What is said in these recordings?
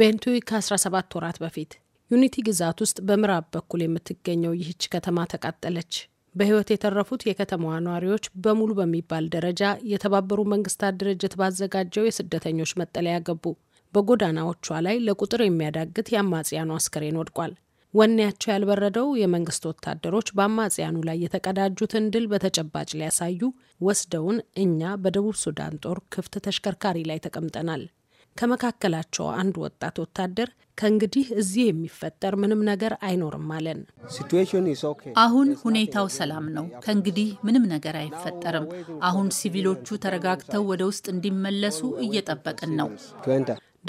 ቤንቱይ ከ17 ወራት በፊት ዩኒቲ ግዛት ውስጥ በምዕራብ በኩል የምትገኘው ይህች ከተማ ተቃጠለች። በሕይወት የተረፉት የከተማዋ ነዋሪዎች በሙሉ በሚባል ደረጃ የተባበሩ መንግስታት ድርጅት ባዘጋጀው የስደተኞች መጠለያ ገቡ። በጎዳናዎቿ ላይ ለቁጥር የሚያዳግት የአማጽያኑ አስከሬን ወድቋል። ወኔያቸው ያልበረደው የመንግስት ወታደሮች በአማጽያኑ ላይ የተቀዳጁትን ድል በተጨባጭ ሊያሳዩ ወስደውን እኛ በደቡብ ሱዳን ጦር ክፍት ተሽከርካሪ ላይ ተቀምጠናል። ከመካከላቸው አንድ ወጣት ወታደር ከእንግዲህ እዚህ የሚፈጠር ምንም ነገር አይኖርም አለን። አሁን ሁኔታው ሰላም ነው። ከእንግዲህ ምንም ነገር አይፈጠርም። አሁን ሲቪሎቹ ተረጋግተው ወደ ውስጥ እንዲመለሱ እየጠበቅን ነው።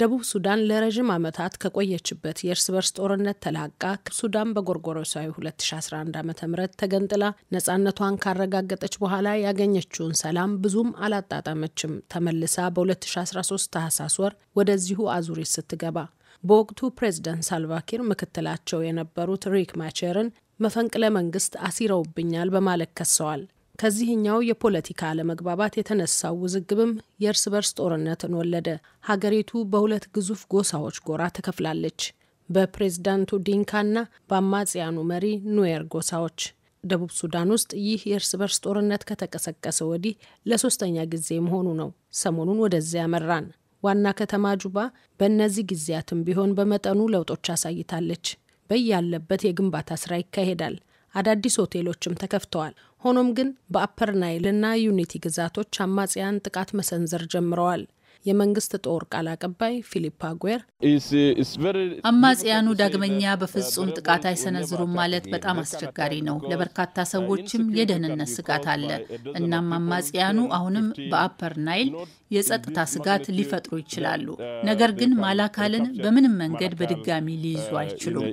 ደቡብ ሱዳን ለረዥም ዓመታት ከቆየችበት የእርስ በርስ ጦርነት ተላቃ ሱዳን በጎርጎሮሳዊ 2011 ዓ ም ተገንጥላ ነፃነቷን ካረጋገጠች በኋላ ያገኘችውን ሰላም ብዙም አላጣጣመችም። ተመልሳ በ2013 ታህሳስ ወር ወደዚሁ አዙሪት ስትገባ በወቅቱ ፕሬዚደንት ሳልቫኪር ምክትላቸው የነበሩት ሪክ ማቸርን መፈንቅለ መንግስት አሲረውብኛል በማለት ከሰዋል። ከዚህኛው የፖለቲካ አለመግባባት የተነሳው ውዝግብም የእርስ በርስ ጦርነትን ወለደ። ሀገሪቱ በሁለት ግዙፍ ጎሳዎች ጎራ ተከፍላለች። በፕሬዝዳንቱ ዲንካና በአማጽያኑ መሪ ኑዌር ጎሳዎች። ደቡብ ሱዳን ውስጥ ይህ የእርስ በርስ ጦርነት ከተቀሰቀሰ ወዲህ ለሶስተኛ ጊዜ መሆኑ ነው። ሰሞኑን ወደዚያ ያመራን። ዋና ከተማ ጁባ በእነዚህ ጊዜያትም ቢሆን በመጠኑ ለውጦች አሳይታለች። በያለበት የግንባታ ስራ ይካሄዳል። አዳዲስ ሆቴሎችም ተከፍተዋል። ሆኖም ግን በአፐር ና ዩኒቲ ግዛቶች አማጽያን ጥቃት መሰንዘር ጀምረዋል። የመንግስት ጦር ቃል አቀባይ ፊሊፕ አጉዌር uh, አማጽያኑ ዳግመኛ uh, በፍጹም ጥቃት አይሰነዝሩም ማለት በጣም አስቸጋሪ ነው፣ ለበርካታ uh, ሰዎችም የደህንነት ስጋት አለ። እናም አማጽያኑ አሁንም በአፐር ናይል የጸጥታ ስጋት ሊፈጥሩ ይችላሉ። ነገር ግን ማላካልን በምንም መንገድ በድጋሚ ሊይዙ አይችሉም።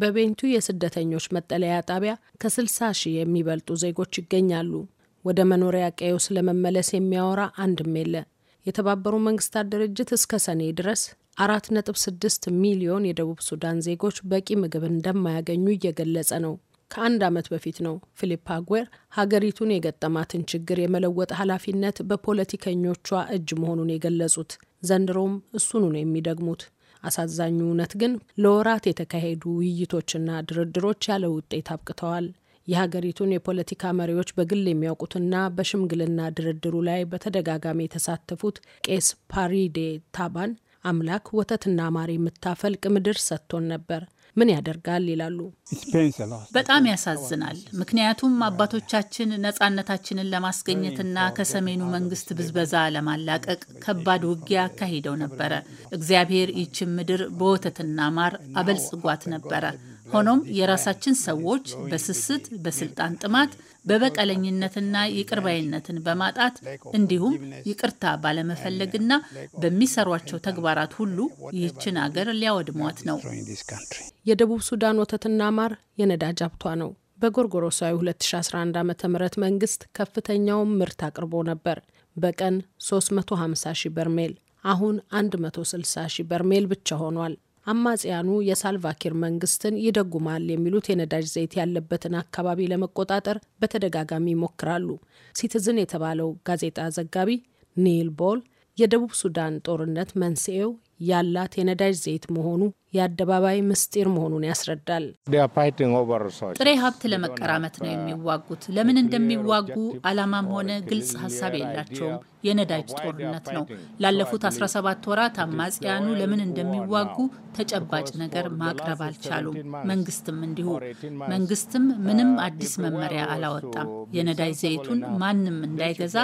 በቤንቱ የስደተኞች መጠለያ ጣቢያ ከ60 ሺህ የሚበልጡ ዜጎች ይገኛሉ። ወደ መኖሪያ ቀዬው ስለመመለስ የሚያወራ አንድም የለ። የተባበሩ መንግስታት ድርጅት እስከ ሰኔ ድረስ አራት ነጥብ ስድስት ሚሊዮን የደቡብ ሱዳን ዜጎች በቂ ምግብ እንደማያገኙ እየገለጸ ነው። ከአንድ ዓመት በፊት ነው ፊሊፕ አጉዌር ሀገሪቱን የገጠማትን ችግር የመለወጥ ኃላፊነት በፖለቲከኞቿ እጅ መሆኑን የገለጹት። ዘንድሮም እሱኑ ነው የሚደግሙት። አሳዛኙ እውነት ግን ለወራት የተካሄዱ ውይይቶችና ድርድሮች ያለ ውጤት አብቅተዋል። የሀገሪቱን የፖለቲካ መሪዎች በግል የሚያውቁትና በሽምግልና ድርድሩ ላይ በተደጋጋሚ የተሳተፉት ቄስ ፓሪዴ ታባን አምላክ ወተትና ማር የምታፈልቅ ምድር ሰጥቶን ነበር ምን ያደርጋል ይላሉ። በጣም ያሳዝናል። ምክንያቱም አባቶቻችን ነጻነታችንን ለማስገኘትና ከሰሜኑ መንግስት ብዝበዛ ለማላቀቅ ከባድ ውጊያ አካሂደው ነበረ። እግዚአብሔር ይችን ምድር በወተትና ማር አበልጽጓት ነበረ። ሆኖም የራሳችን ሰዎች በስስት በስልጣን ጥማት በበቀለኝነትና ይቅርባይነትን በማጣት እንዲሁም ይቅርታ ባለመፈለግና በሚሰሯቸው ተግባራት ሁሉ ይህችን አገር ሊያወድሟት ነው። የደቡብ ሱዳን ወተትና ማር የነዳጅ ሀብቷ ነው። በጎርጎሮሳዊ 2011 ዓ ም መንግስት ከፍተኛውን ምርት አቅርቦ ነበር፣ በቀን 350 ሺህ በርሜል። አሁን 160 ሺህ በርሜል ብቻ ሆኗል። አማጽያኑ የሳልቫኪር መንግስትን ይደጉማል የሚሉት የነዳጅ ዘይት ያለበትን አካባቢ ለመቆጣጠር በተደጋጋሚ ይሞክራሉ። ሲቲዝን የተባለው ጋዜጣ ዘጋቢ ኒል ቦል የደቡብ ሱዳን ጦርነት መንስኤው ያላት የነዳጅ ዘይት መሆኑ የአደባባይ ምስጢር መሆኑን ያስረዳል። ጥሬ ሀብት ለመቀራመት ነው የሚዋጉት። ለምን እንደሚዋጉ አላማም ሆነ ግልጽ ሀሳብ የላቸውም። የነዳጅ ጦርነት ነው። ላለፉት 17 ወራት አማጽያኑ ለምን እንደሚዋጉ ተጨባጭ ነገር ማቅረብ አልቻሉም። መንግስትም እንዲሁ። መንግስትም ምንም አዲስ መመሪያ አላወጣም። የነዳጅ ዘይቱን ማንም እንዳይገዛ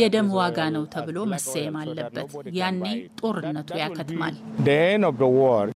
የደም ዋጋ ነው ተብሎ መሰየም አለበት። ያኔ ጦርነቱ ያከ The end of the war.